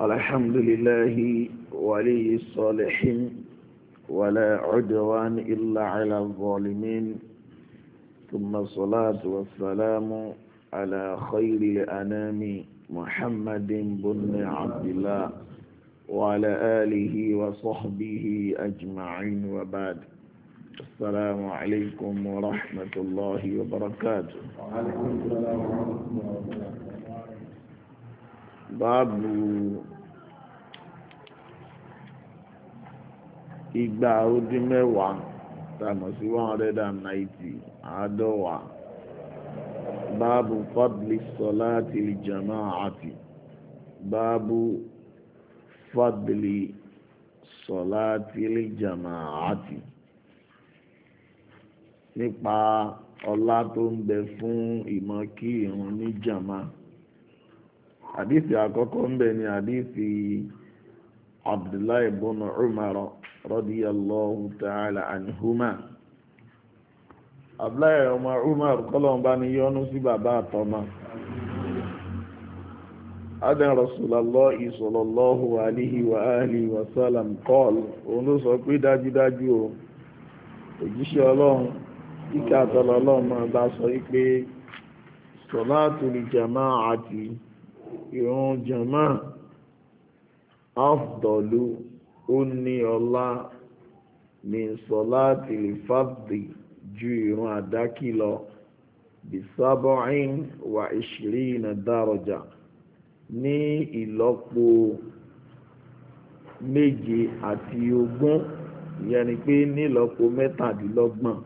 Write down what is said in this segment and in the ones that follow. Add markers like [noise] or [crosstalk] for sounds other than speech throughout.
الحمد لله ولي الصالحين ولا عدوان إلا على الظالمين ثم الصلاة والسلام على خير الأنام محمد بن عبد الله وعلى آله وصحبه أجمعين وبعد السلام عليكم ورحمة الله وبركاته وعليكم السلام ورحمة الله وبركاته báàbù igba ó dín mẹ́wàá tàmọ̀ sí one hundred and ninety àádọ́wàá báàbù fadli sọláàtì jamaati báàbù fadli sọláàtì jamaati nípa ọlá tó ń bẹ fún ìmọ̀ kí ìrun ní jàmáà. àdísì àkọ́kọ́ mbe bẹ̀ ni àdísì abdullahi bọ́nà umar radiyallahu ta'ala anhuma abdullahi Umar umar kọ́lọ̀mbá ni yọ́nú sí bàbá àtọ́mà adán rasulallah ìsọ̀lọ́lọ́hu alihi wa alihi wa salam kọ́l òun ló sọ pé dájúdájú o òjíṣẹ́ ọlọ́run kíkà àtọ́lọ́lọ́run máa bá sọ wípé sọ̀lá àtúlì jama'a àti ìrun jàmá afdọ̀lú ó ní ọlá ní sọláàtì fàbdì ju ìrun àdákì lọ bisabo'in wa ishirina daraja ní ìlọ́po méje àti ogún ìyẹn pé nílọ́po mẹ́tàdínlọ́gbọ̀n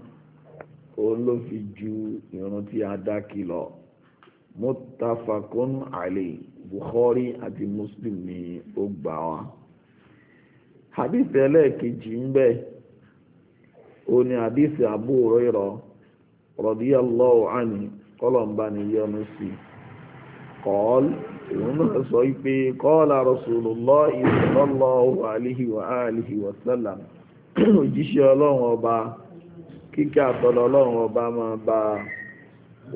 òun ló fi ju ìrun tí a dákì lọ. muttafaqun ali buhari àti muslim ni ó gbà wá hadith ẹlẹ́ẹ̀kejì ń bẹ ó ní hadith abu hurairah radiyallahu anhu kọ́lọ̀mbá ni yọnu si. kọ́ọ̀lù òun náà sọ pé kọ́ọ̀lá rasulullahi sallallahu alaihi wa alihi wa sallam òjíṣẹ́ ọlọ́run ọba kíkẹ́ ọba máa bá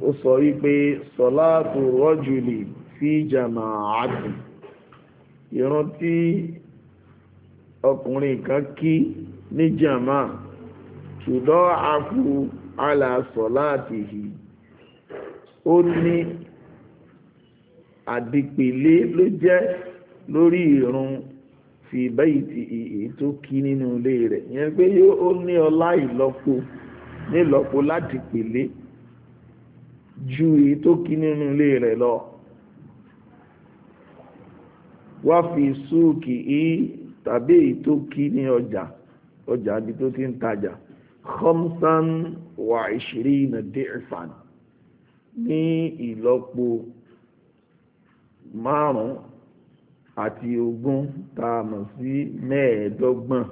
ó sọ wípé sọ̀láàtù rọ́jùlì sí jàmà àti ìran tí ọkùnrin kan kí ní jàmà ṣùdọ́ àkú aláṣọ̀láàtì yìí ó ní àdìpèlé ló jẹ́ lórí ìrun fi bẹ́ẹ̀tì ìyè tó kí nínú ilé rẹ̀ yẹn pé ó ní ọlá ìlọ́po nílọ́po láti pèlé ju èyí tó kí nínú ilé rẹ̀ lọ wá fi súùkì í tàbí èyí tó kí ní ọjà ọjà ibi tó ti ń tajà khomsan wa ishirina di'fan ní ìlọ́po márùn-ún àti ogún tá sí mẹ́ẹ̀ẹ́dọ́gbọ̀n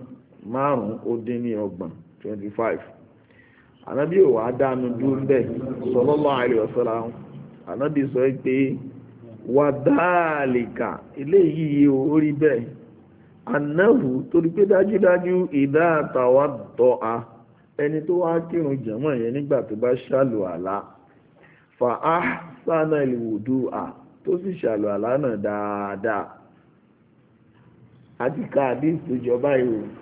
márùn-ún ó dín ní ọgbọ̀n twenty five ànábì ò wá dánu dúró bẹ́ẹ̀ sallallahu alaihi wasallam ànábì sọ pé wà dáàlìkà eléyìí ó rí bẹ́ẹ̀ anáhù torí pé dájúdájú ìdá àtàwà tọ́ a ẹni tó wá kírun jẹ̀mọ́ yẹn nígbà tó bá ṣàlù àlá fa á sánà ìwòdú à tó sì ṣàlù àlá náà dáadáa àti káàdì ìsòjọba ìròyìn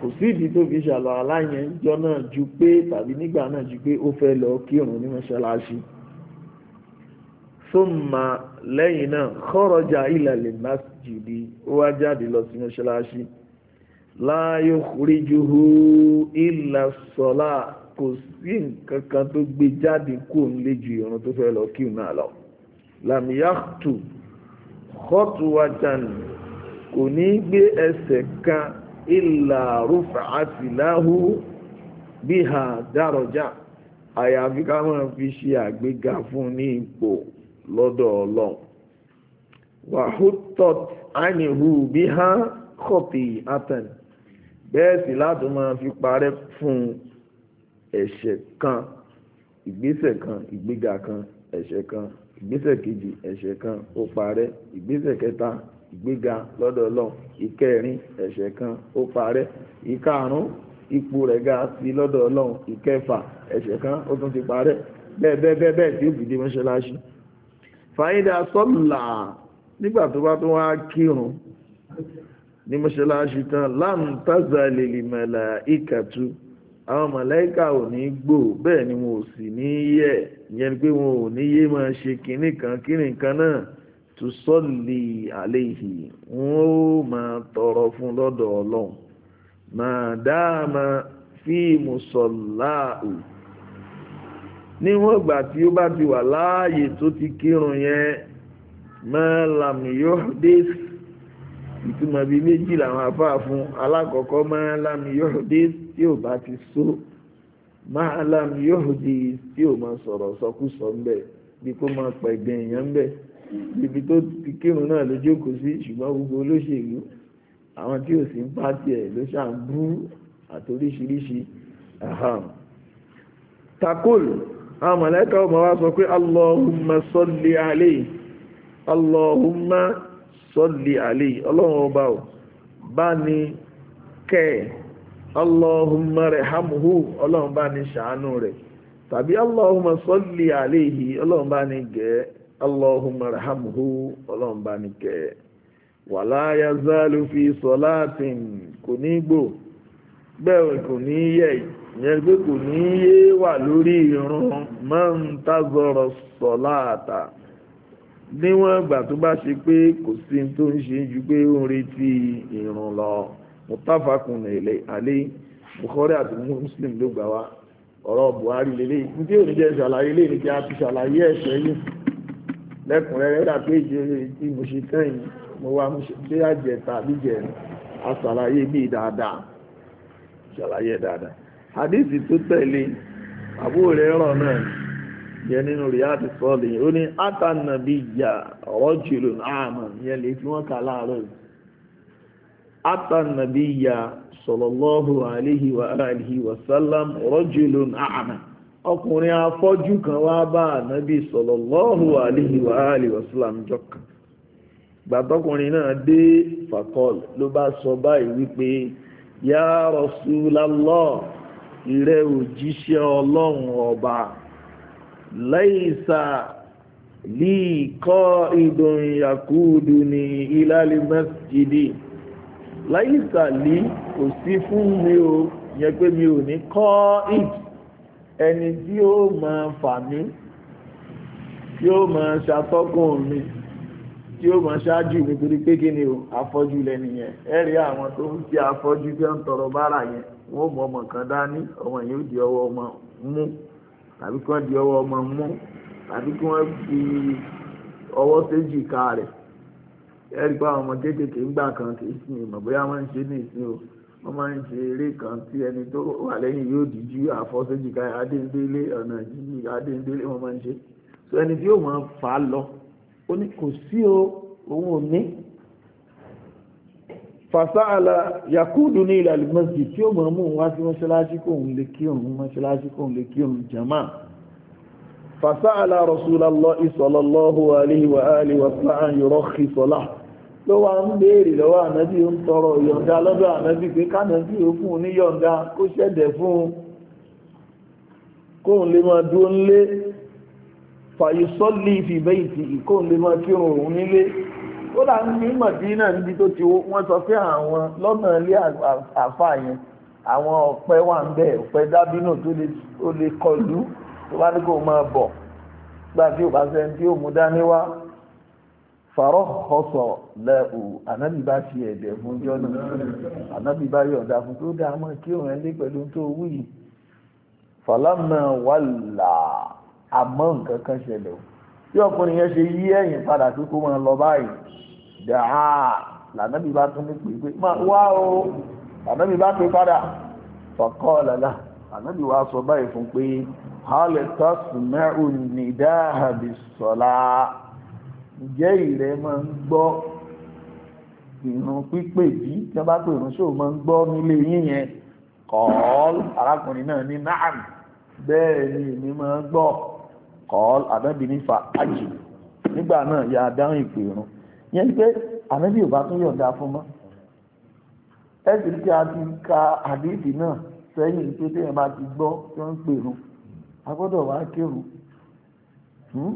kò sí ìdí tó fi ṣàlọ́ aláyẹn jọ náà ju pé tàbí nígbà náà ju pé ó fẹ́ lọ kírun ní mọ́ṣáláṣí sọ́mà lẹ́yìn náà kọ́rọ̀jà ìlàlẹ̀ masjidi ó wá jáde lọ sí mọ́ṣáláṣí láyé oríjúhu ìlà sọ́lá kò sí nǹkan kan tó gbé jáde kó ń lé ju ìrun tó fẹ́ lọ kírun náà lọ làmìyàtù kọ́tùwájàn kò ní gbé ẹsẹ̀ kan ìlà rúfà àti láhú bí ha dárọjá àyàfi ká máa fi ṣe àgbéga fún ní ipò lọ́dọ̀ ọlọ́run wàhútọ́t ánìhù bí ha kọ̀pì àtàn bẹ́ẹ̀ sì láti máa fi parẹ́ fún ẹ̀ṣẹ̀ kan ìgbésẹ̀ kan ìgbéga kan ẹ̀ṣẹ̀ kan ìgbésẹ̀ kejì ẹ̀ṣẹ̀ kan ó parẹ́ ìgbésẹ̀ kẹta ìgbéga lọ́dọ̀ ọlọ́run ìkẹrin ẹ̀ṣẹ̀ kan ó parẹ́ ìkarùn ipò rẹ̀ ga sí lọ́dọ̀ ọlọ́run ìkẹfà ẹ̀ṣẹ̀ kan ó tún ti parẹ́ bẹ́ẹ̀ bẹ́ẹ̀ bẹ́ẹ̀ bẹ́ẹ̀ tí ó fi dé mọ́ṣáláṣí. fàyídà sọ́là nígbà tó bá tún wá kírun ní mọ́ṣáláṣí tán láǹtàzà lèlì mẹ́là ìkàtú àwọn mọ̀lẹ́kà ò ní gbò bẹ́ẹ̀ ni wọn ò sì ní yẹ̀ ìyẹn pé wọn ò ní yé máa ṣe kinní kan kinní kan náà tùsọ́lì àléhì wọ́n ó máa tọrọ fún lọ́dọ̀ ọlọ́run máa dáàmà fi mùsọ̀láàù níwọ̀n ìgbà tí ó bá ti wà láàyè tó ti kírun yẹn máa làmìyọ́ dé ìtumọ̀ bíi méjì làwọn afáà fún alákọ̀ọ́kọ́ máa làmìyọ́ dé tí ò bá ti só máa làmìyọ́ dé tí ò máa sọ̀rọ̀ sọkúsọ ń bí kò máa pẹ̀gbẹ̀ èèyàn ń ibi tó ti kírun náà ló jókòó sí ṣùgbọ́n gbogbo olóṣèlú àwọn tí ò sí ń pàtì ẹ̀ ló ṣàn bú àtoríṣiríṣi takol àwọn mọ̀lẹ́kà ọmọ wa sọ pé allahumma salli alayhi allahumma salli alayhi ọlọ́run ọba ò bá ní kẹ́ allahumma rahamhu ọlọ́run bá ní ṣàánú rẹ̀ tàbí allahumma salli yìí, ọlọ́run bá ní gẹ̀ẹ́ اللهم rahamhu ọlọ́run bá ní kẹ́ wala yazalu fi salatin kò ní gbò bẹ́ẹ̀ من ní الصلاة ìyẹn pé kò ní yé wà lórí irun máa ń tazọ̀rọ̀ sọ̀láàtà níwọ̀n ìgbà tó bá ṣe pé kò sí tó ń ṣe ju pé ó ń retí irun lọ mutafakun alẹ́ Bukhari àti Muslim ló gbà wá ọ̀rọ̀ Buhari lélẹ́yìn tí ò ní jẹ́ ṣàlàyé lẹ́yìn kí a ti ṣàlàyé ẹ̀ṣẹ̀ yìí. lẹ́kùnrẹ́rẹ́ rà pé ìjẹ́rẹ́ tí mo ṣe kẹ́yìn mo wá mo ṣe pé tàbí jẹ asàlàyé bí dáadáa ṣàlàyé dáadáa tó tẹ̀lé àbú rẹ̀ rọ̀ náà yẹ nínú riyadu sọ́ọ̀lì ó ní àtànàbí ìyà rọ́jùlù àmà yẹn lè wọ́n kà láàárọ̀ ìyà wa wa ọkùnrin afọ́jú kan wá bá ànábí sallallahu alaihi wa alihi gbàtọ́kùnrin náà dé fàkọ́l ló bá sọ báyìí wípé yá Rasulullah ìrẹ́ òjíṣẹ́ ọlọ́run ọba laisa lí kọ́ ìdùn yakudu ní ilal masjidi laisa lí kò sí fún mi o yẹ pé mi ò ní kọ́ ìdùn ẹni tí ó máa fà mí tí ó máa ṣàtọ́kùn mi tí ó máa ṣáájú mi torí pé kí ni o afọ́jú lẹ́nu yẹn ẹ rí àwọn tó ń ti afọ́jú tí ó ń tọrọ bára yẹn wọn mọ ọmọ kan dání ọmọ yẹn ó di ọwọ́ ọmọ mú tàbí kí wọ́n di ọwọ́ ọmọ mú tàbí kí wọ́n fi ọwọ́ séjì ká rẹ̀ ẹ rí pé àwọn ọmọ kéékèèké ń gbà kan kì í sìn ìmọ̀ bóyá wọ́n ń ṣe ní ìsìn o wọ́n máa ń ṣe eré kan tí ẹni tó wà lẹ́yìn yóò díjú àfọ́sójìká adéńdélé ọ̀nà jíjì adéńdélé wọ́n máa ń ṣe so ẹni tí yóò máa fà á lọ ó ní kò sí o òun ò ní fàṣáàlà yakudu ní ilẹ̀ alimọ́sí tí ó máa mú wá sí mọ́ṣáláṣí kò ń lè kí òun mọ́ṣáláṣí kò ń lè kí òun jama fàṣáàlà rasulallah sallallahu alaihi ló wá ń béèrè lọ́wọ́ ànábì ó ń tọrọ yọ̀ǹda lọ́dọ̀ ànábì pé kánábì ó fún un ní yọ̀ǹda kó ṣẹ̀dẹ̀ fún un kóun lè máa dúró ńlé fàyísọ́lì ìfìbẹ́ ìtì kóun lè máa kírun òun nílé ó là ń ní mọ̀dínà níbi tó ti wọ́n sọ pé àwọn lọ́nà ilé àfà yẹn àwọn ọ̀pẹ wà ń bẹ̀ ọ̀pẹ dábínú tó lè kọlu tó bá ní kó máa bọ̀ gbà tí ò bá sẹ́ni tí ò mú dání wá fàárọ̀ ọ̀sọ̀ lẹ́hù ànábì bá fi ẹ̀dẹ̀ fún jọ́nà ànábì bá yọ̀ǹda fún tó dáa mọ́ kí òun ẹlé pẹ̀lú tó wí fàlámà wàlà àmọ́ nǹkan kan ṣẹlẹ̀ o bí ọkùnrin yẹn ṣe yí ẹ̀yìn padà pé kó máa lọ báyìí dàá lànábì tún ní pè pé máa wá o lànábì bá padà fọkọ́ làlá lànábì sọ báyìí fún pé hálẹ̀ tọ́sùmẹ́rù nìdáhàbì sọ̀lá ǹjẹ́ ìrẹ máa ń gbọ́ ìrun pípè bí tí wọ́n bá pè ìrun ṣòro máa ń gbọ́ nílé yín yẹn kọ́ọ́l arákùnrin náà ní náàm bẹ́ẹ̀ ni èmi máa ń gbọ́ kọ́ọ́l ànábì ní fa àjì nígbà náà ya dáhùn ìpè ìrun yẹn pé ànábì ò bá tún yọ̀ǹda fún mọ́ ẹ sì ní kí a ti ka àdéhìí náà sẹ́yìn pé téèyàn bá ti gbọ́ tí wọ́n ń pè ìrun a gbọ́dọ̀ wá kírun hmm?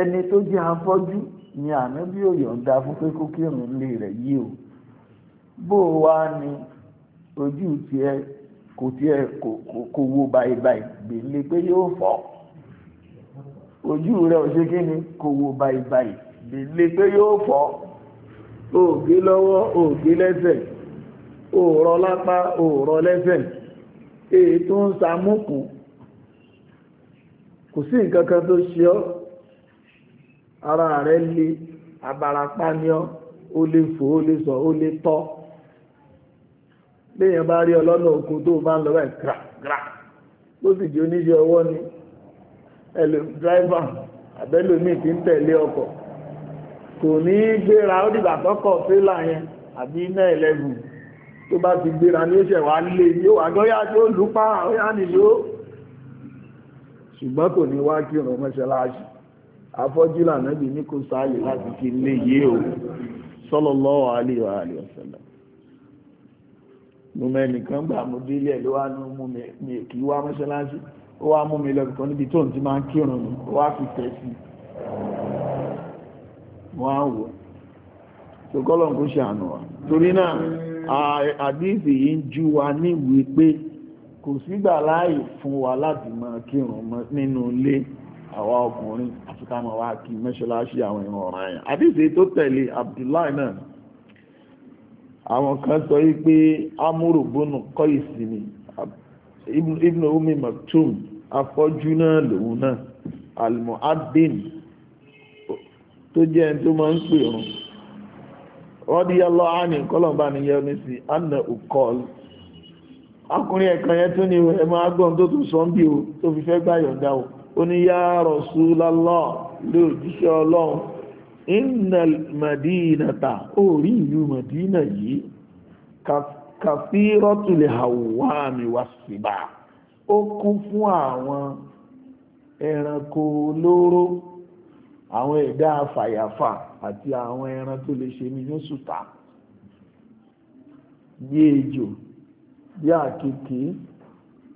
ẹni tó jẹ́ afọ́jú ni ànábì ò yọ̀ǹda fún pé kó kírun ilé rẹ̀ yìí o bó o wá ní ojú tiẹ̀ kò tiẹ̀ kò wo báyìí gbèlè pé yóò fọ́ ojú rẹ̀ ò kí ni kò wo báyìí gbèlè pé yóò fọ́ ògé lọ́wọ́ ògé lẹ́sẹ̀ òòrọ̀ lápá òòrọ̀ lẹ́sẹ̀ èyí tó ń samúkù kò sí nǹkan kan tó ṣe ọ́ ara rẹ̀ le abarapá ni ọ́ ó lè fò ó lè sọ ó lè tọ́ léèyàn bá rí ọlọ́nà òkun tó bá ń lọ báyìí gra gra ó sì di oníṣẹ́ ọwọ́ ni ẹlò dráìvà àbẹ́lòmíì ti ń tẹ̀lé ọkọ̀ kò ní í gbéra ó dìgbà tọkọ̀ fílà yẹn àbí iná ẹlẹ́gùn tó bá ti gbéra ni ó ṣẹ̀ wá lé yóò wá gbọ́ yá tó lù pa ó yá nìyó ṣùgbọ́n kò ní wá kírun mọ́ṣáláṣí afọ́jú lànàbí ní kò sáàyè láti kí lè yé o sallallahu alaihi wa alihi wasallam mú mẹ́rin kan gbà mú dílé ló wá ní mú mi kí wá mọ́ṣáláṣí ó wá mú mi lọ́bìkan níbi tó ń ti máa ń kírun ní ó wá fi tẹ̀sí wọ́n á wò tó kọ́lọ̀ kó ṣe àná wa torí náà àdíìsì yìí ń jú wa ní wípé kò sígbà láàyè fún wa láti máa kírun nínú ilé àwa ọkùnrin àti ká máa wá kí mẹ́ṣáláṣí àwọn ìran ọ̀ràn yẹn àdìsí tó tẹ̀lé Abdullahi náà àwọn kan sọ yìí pé amúrò gbónú kọ́ ìsinmi ibn umi maktum afọ́jú náà lòun náà almuhaddin tó jẹ́ ẹni tó máa ń pè ọ́n radiyallahu anhu kọ́lọ̀mbà ni yẹ́ ní sí anna ukọ́l akùnrin ẹ̀kan yẹn tó ní ẹ máa gbọ́n tó tún sọ ń bí o tó fi fẹ́ gbáyọ̀ dá o oníyá Rasulullah lé òjíṣẹ́ ọlọ́run inna madina ó rí ìlú madina yìí kàfírọ́tùlì hàwámi wá síbà ó kún fún àwọn ẹranko olóró àwọn ẹ̀dá fàyàfà àti àwọn ẹran tó lè ṣe ní yóṣùtà bí ejò bí àkekèé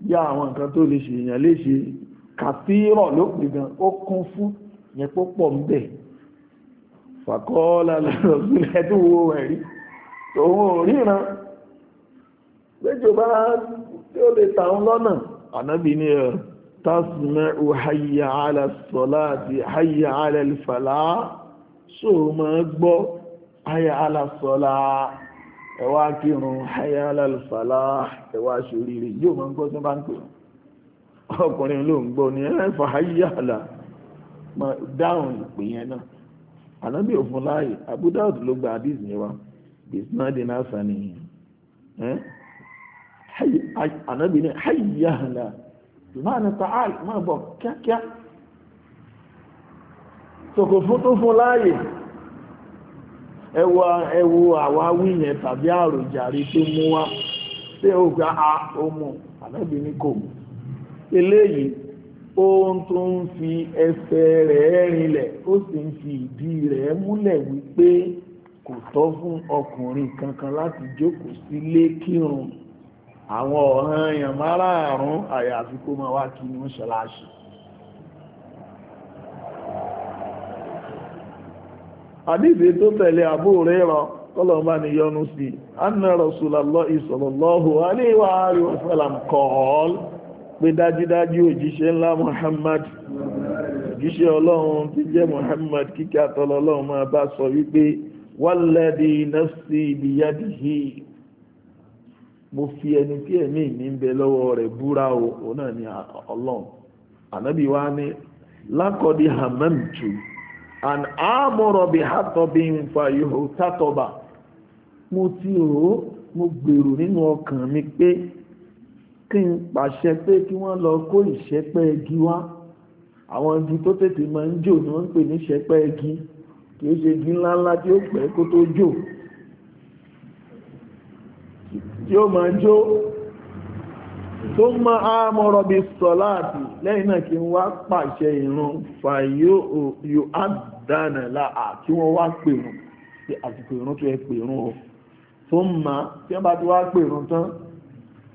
bí àwọn nǹkan tó lè kàfírọ̀ ló pè gan ó kún fún yẹn pó pọ̀ ń bẹ̀ fàkọ́ọ́lá lọ́rọ̀ sílẹ̀ tó wo ẹ̀rí òun so ma gbọ́ hayya ala ẹwà kírun hayya ala al-fala ẹwà ṣoríire yóò ma gbọ́ tí wọ́n bá ń pè wọ́n ọkùnrin ló ń gbọ́ ní ẹ̀fà ayéyàlá máa dáhùn ìpè yẹn náà ànábì òfin láàyè Abu ló gba àdìs yẹn wa bisnadi nasa ni ànábì ní ayéyàlá máa ní máa bọ̀ kíákíá fún tó fún láàyè ẹwọ ẹwọ àwa wíyẹn tàbí àròjàre tó mú wa a ànábì ní eléyìí ó tún ń fi ẹsẹ̀ rẹ̀ rinlẹ̀ ó sì ń fi ìdí rẹ̀ múlẹ̀ wípé kò tọ́ fún ọkùnrin kankan láti jókòó sílé kírun àwọn ọ̀ràn èèyàn márààrún àyàfi kó máa wá kí ní mọ́ṣáláṣí àdífẹ́ tó tẹ̀lé Abu Hurairah tọ́lọ̀ bá ní yọnu sí anna Rasulullahi sallallahu alaihi wa alihi sallam qala pé dájúdájú òjíṣẹ́ ńlá Muhammad òjíṣẹ́ ọlọ́run tí jẹ́ Muhammad kíkẹ́ àtọ́lọ́ ọlọ́run máa bá sọ wípé wálẹ́dì nafsi biyadihi mo fi ẹni tí ẹ̀mí mi ń bẹ lọ́wọ́ rẹ̀ búra o òun náà ni ọlọ́run ànábì wa ní lákọ̀dí hamamtu an amọ̀rọ̀ bí hátọ́bí ń fa ihò tátọ́bà mo ti rò ó mo gbèrò nínú ọkàn mi pé kí n pàṣẹ pé kí wọ́n lọ kó ìṣẹ́pẹ́ igi wá àwọn igi tó tètè máa ń jò ni wọ́n ń pè ní ìṣẹ́pẹ́ igi kì í ṣe igi ńláńlá tí ó pẹ́ kó tó jò tí ó máa jó tó máa àmọ́rọ̀ bí sọ́láàtì lẹ́yìn náà kí n wá pàṣẹ ìrun fàyó àdánà láà kí wọ́n wá pèrún àsìkò ìrun tó yẹ pèrún o tó máa tí wọ́n bá ti wá pèrún tán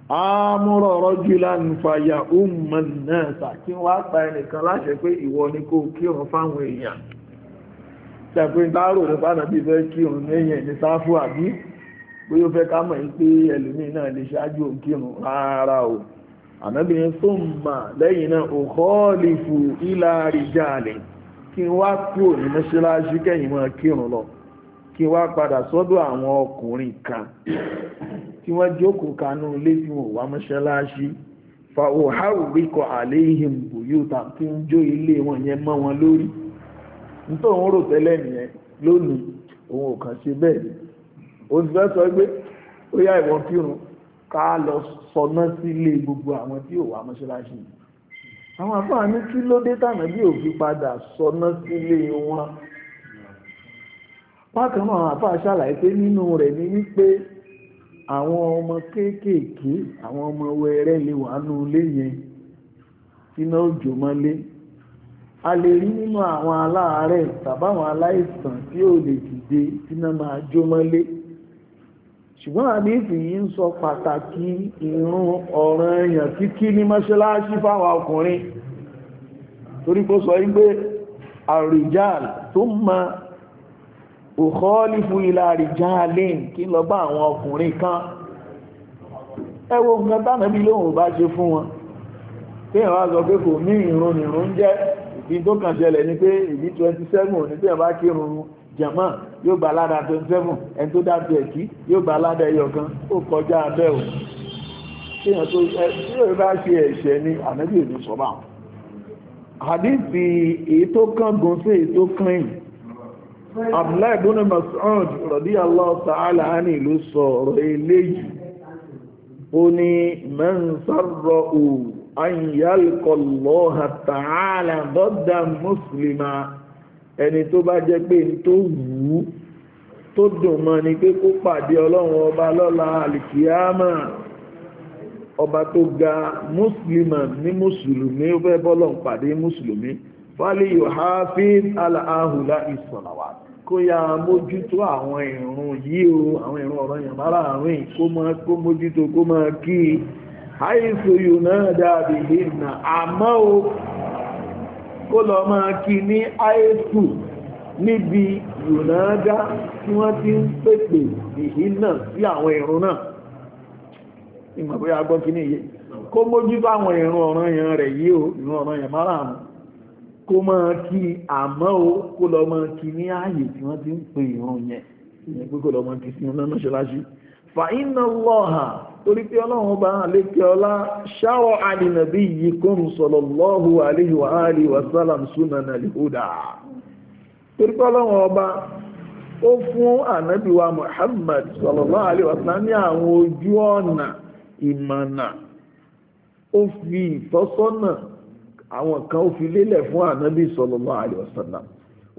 àmúrọ̀ rajulan ji la nasa kí wọ́n pa ẹnìkan láṣẹ pé ìwọ ni kó kírun fáwọn èèyàn tẹ̀pẹ́ ìtàrò ìrọ̀pánà bí fẹ́ kírun lẹ́yìn ní sáfù àbí pé ó fẹ́ ká mọ̀ pé ẹlòmíì náà lè ṣáájú òkírun o ànábìyàn sọ́mà lẹ́yìn náà òkọ́ọ̀lìfù ìlà kí mọ́ṣáláṣí kẹ́yìn lọ kí padà sọ́dọ̀ àwọn ọkùnrin tí wọ́n jókòó kanú ilé tí wọ́n wá mọ́ṣáláṣí fa òháwù ríkọ àléhìn bòyóta tí ń jó ilé wọn yẹn mọ́ wọn lórí nítorí òun rò tẹ́lẹ̀ nìyẹn lónìí òun ò kàn ṣe bẹ́ẹ̀ ó ti fẹ́ sọ pé ó yá ìwọ̀n kírun ká lọ sọná sílé gbogbo àwọn tí ò wá mọ́ṣáláṣí àwọn àbáwá ní kí ló dé tànà bí ò fi padà sọná sílé wọn bákan náà àwọn àbáwá pé nínú rẹ̀ ni wípé àwọn ọmọ kéékèèké àwọn ọmọ wẹrẹ́ lè wà nù ilé yẹn iná òjò mọ́lé a lè rí nínú àwọn aláàárẹ̀ tàbáwọn aláìsàn tí ò lè dìde tíná máa jó mọ́lé ṣùgbọ́n àdéhùn yìí ń sọ pàtàkì ìrun ọ̀ràn èèyàn kíkí ní mọ́ṣáláṣí fáwọn ọkùnrin torí kó sọ wípé àrùjáàl tó máa òkọ́ọ́lífù ilá rìjáàlín kí lọ bá àwọn ọkùnrin kan ẹ wo nǹkan tánàbí lóhùn bá ṣe fún wọn tí ìwọ́n sọ pé kò ní ìrun nìrun jẹ́ ìbí tó kàn ṣẹlẹ̀ ni pé ìbí 27 òní tí ìwọ́n bá kírun jẹ̀mọ́ yóò gba aládàá 27 ẹni tó dájú ẹ̀ kí yóò gba aládàá ẹyọ kan ó kọjá abẹ́ ò tí ìwọ́n tó ẹ tí ìwọ́n bá ṣe ẹ̀ṣẹ̀ ni ànábì òní sọ bá wọn. àdìsí èyí tó kángun sí èyí tó kàn yìí Abdullahi ibn Mas'ud radiyallahu ta'ala anhu ló sọ ọ̀rọ̀ eléyìí ó ní man sarrahu an yalqa Allaha ta'ala daddan muslima ẹni tó bá jẹ́ pé ń tó wù ú tó dùn mọ́ ni pé kó pàdé ọlọ́run ọba lọ́la alìkíyàmà ọba tó ga mùsùlùmí ní mùsùlùmí ó fẹ́ bọ́lọ̀ pàdé mùsùlùmí fáliyù hafiz aláhùlá ìsọ̀làwàtí kó yá mójútó àwọn ìrun yìí o àwọn ìrun ọ̀rọ̀ yàn bára àrùn yìí kó mọ́ kó mójútó kó mọ́ kí i àìsò yóò náà dàbí ìhìnà àmọ́ o kó lọ máa kí ní àìsù níbi yònáádá tí wọ́n ti ń pèpè ìhìnà sí àwọn ìrun náà ìmọ̀ bóyá gbọ́ kí ní iye kó mójútó àwọn ìrun ọ̀ranyàn rẹ̀ yìí o ìrun ọ̀ranyàn márààrún kó máa kí àmọ́ o kó lọ máa kí ní ààyè tí wọ́n ti ń pè ìrun yẹn ìyẹn pé kó lọ máa kí sí ọ̀nà mọ́ṣáláṣí fa inna Allaha torí pé ọlọ́run bá àlékè ọlá ṣáwọ́ àdìnàbí yìí kún sallallahu alaihi wa alihi wa sallam sunana al-huda torí Muhammad sallallahu alaihi wa sallam ní àwọn ojú àwọn kan ó fi lélẹ̀ fún ànábì sallallahu alaihi wasallam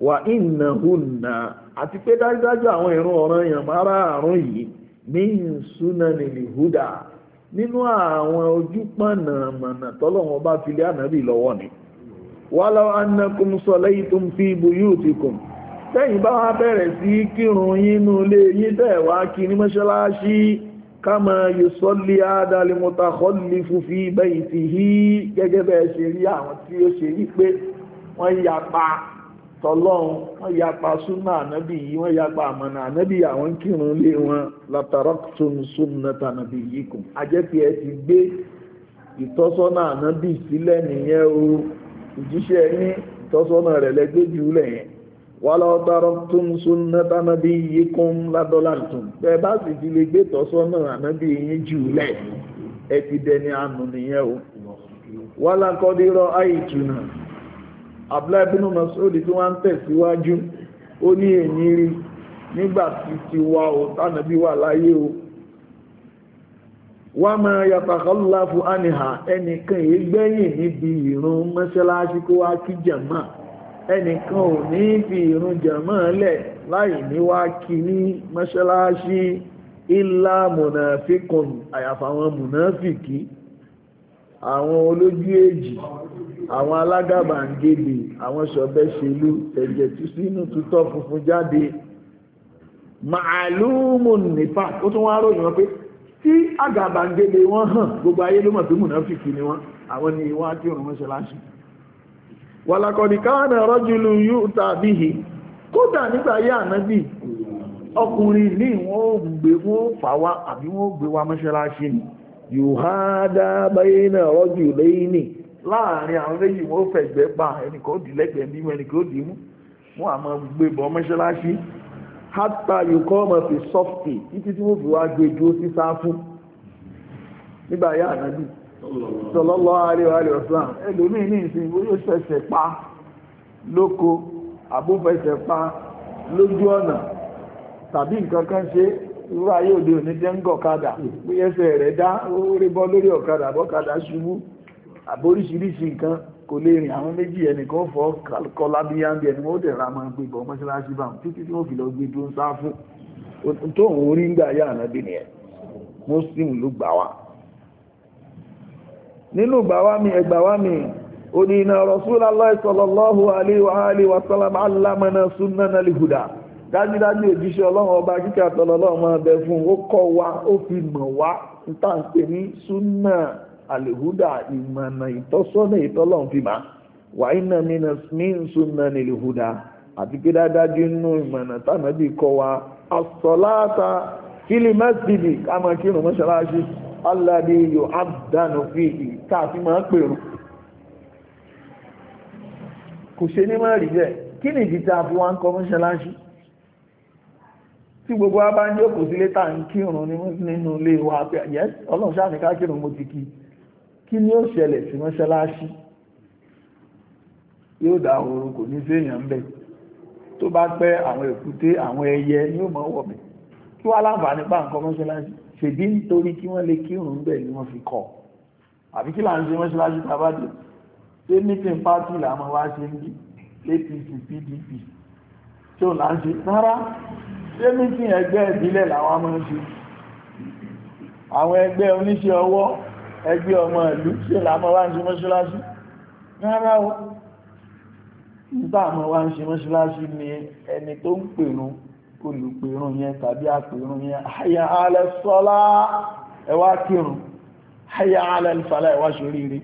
wà innahunna àti pé dájúdájú àwọn ìrun ọ̀ranyàn márààrún yìí min sunanil huda nínú àwọn ojúpọ̀nà mọ̀nà tọ́lọ́wọ́n bá fi lé ànábì lọ́wọ́ ni walaw annakum sallaytum fi buyutikum tẹ́yìn bá wá bẹ̀rẹ̀ sí kírun yín ilé yín tẹ́ wá kí ní mọ́ṣáláṣí kama yusolli adali mutakhalifu fi baytihi gẹ́gẹ́ bẹ́ẹ̀ ti o se tí pe ṣe ya pa wọ́n yapa ya pa yapa súnà ànábì yìí wọ́n yapa àmọ̀nà ànábì àwọn kírun lé wọn lataraktum sunnata nabiyikum ajẹ́pì ẹ ti gbe ìtọ́sọ́nà ànábì sílẹ̀ nìyẹn o ìjíṣẹ́ ní ìtọ́sọ́nà rẹ̀ lẹ́gbẹ́jú lẹ́yìn wàlọ́ ọ̀dọ́rọ̀ tó ń sun náà nábì yìí kún ládọ́là tún bẹ́ẹ̀ bá sì ti lè gbé tọ́sọ́nà ànábì yín jù lẹ̀ ẹ ti dẹni àánú nìyẹn o wàlá kọ́dírọ̀ àìtùnà abúlé bínú masóòdì tí wọ́n ń tẹ̀síwájú ó ní èyí nígbà tí ti wá o tánàbí wà láyé o wọ́n máa yàtàkọ́lá fún àníhà ẹnìkan èégbẹ́yìn níbi ìrún mọ́ṣáláṣí kó wá kí ẹnìkan ò ní fi ìrun jẹ̀mọ́ lẹ̀ láì ní wá kí ní mọ́ṣáláṣí ilá mùnàfíkùn àyàfà àwọn mùnàfíkì àwọn olójú èjì àwọn alágàbàǹgèdè àwọn ṣọ̀bẹ́ṣelú ẹ̀jẹ̀ tú sínú tutọ́ funfun jáde màálùmù nípa ó tún wá ròyìn wọn pé tí àgàbàǹgèdè wọn hàn gbogbo ayé ló mọ̀ pé mùnàfíkì ni wọn àwọn ni wọ́n á kí òun mọ́ṣáláṣí wàlàkọ̀dìkáànà rọ́jùlù yóò tàbí hì kódà nígbà yá ànábì ọkùnrin ní wọ́n ó gbé wọ́n fà wá àbí wọ́n ó gbé wá mọ́ṣáláṣí ni yóò há dábáyé náà rọ́jù lẹ́yìn nì láàrin àwọn méjì wọ́n ó fẹ̀gbẹ́ pa ẹnìkan ó dì lẹ́gbẹ̀ẹ́ bí wọn ẹnìkan ó dì mú wọn àmọ́ gbé bọ́ mọ́ṣáláṣí hátà yòókọ́ ọmọ fi sọ́fìtì títí tí wọ́n sallallahu alaihi wa sallam ẹlòmíì ní ìsìn yóò ṣẹ̀ṣẹ̀ pa lóko àbúfẹsẹ̀ pa lójú ọ̀nà tàbí nǹkan kan ṣe irú ayé òde òní jẹ́ ń gọ̀kadà ẹsẹ̀ rẹ̀ dá orí bọ́ lórí ọ̀kadà bọ́kadà ṣubú àbóríṣiríṣi nǹkan kò lè rìn àwọn méjì ẹnìkan fọ́ kọlá ẹni wọ́n ra nínú gbàwámi ẹgbàwámi òní iná Rasulullah sallallahu alaihi wa sallam allamana sunnana lihuda dájúdájú òjíṣẹ́ ọlọ́run ọba kíkẹ́ àtọ̀lọ́lọ́run máa bẹ fún ó kọ́ wa ó fi mọ̀ wá níta ń pè ní súnà àlèhúdà ìmọ̀nà ìtọ́sọ́nà ìtọ́lọ́run fi mà wà iná mìíràn súnà nìlèhúdà àti pé dájúdájú inú ìmọ̀nà tànàbí kọ́ wa àsọ̀láta fílímẹ́sìdì ká máa kírun mọ́ṣáláṣí aládé yóò àdánù fi káàfin máa ń pèrò kò ṣe ní máa rí bẹ́ẹ̀ kí ni ìdí tí a fi wá ń kọ́ mọ́ṣáláṣí tí gbogbo a bá ń jókòó sílé tá ń kírun nínú ilé wa yẹ ọlọ́run ṣáà ní ká kírun mo ti kí kí ni ó ṣẹlẹ̀ sí mọ́ṣáláṣí yóò dá oorun kò ní sí èèyàn bẹ́ẹ̀ tó bá pẹ́ àwọn èkúté àwọn ẹyẹ ni ó mọ̀ wọ̀ mí kí wá láǹfààní bá nǹkan mọ́ṣáláṣí ṣèbí nítorí kí wọ́n lè kírun ń bẹ̀ ni wọ́n fi kọ́ àbí kí là ń ṣe mọ́ṣáláṣí tábàdì ṣé meeting party làwọn wá ṣe ń bí APC PDP tí ò là ń ṣe rárá ṣé meeting ẹgbẹ́ ìbílẹ̀ làwọn máa ń ṣe àwọn ẹgbẹ́ oníṣẹ́ ọwọ́ ẹgbẹ́ ọmọ ìlú ṣe làwọn wá ń ṣe mọ́ṣáláṣí rárá o nígbà àwọn wá ń ṣe mọ́ṣáláṣí ni ẹni tó ń pèrún olùpẹ̀rún yẹn tàbí àpẹ̀rún yẹn hayya ala sọ́lá ẹwà kírun hayya ala ìfàlá ẹwà ṣoríire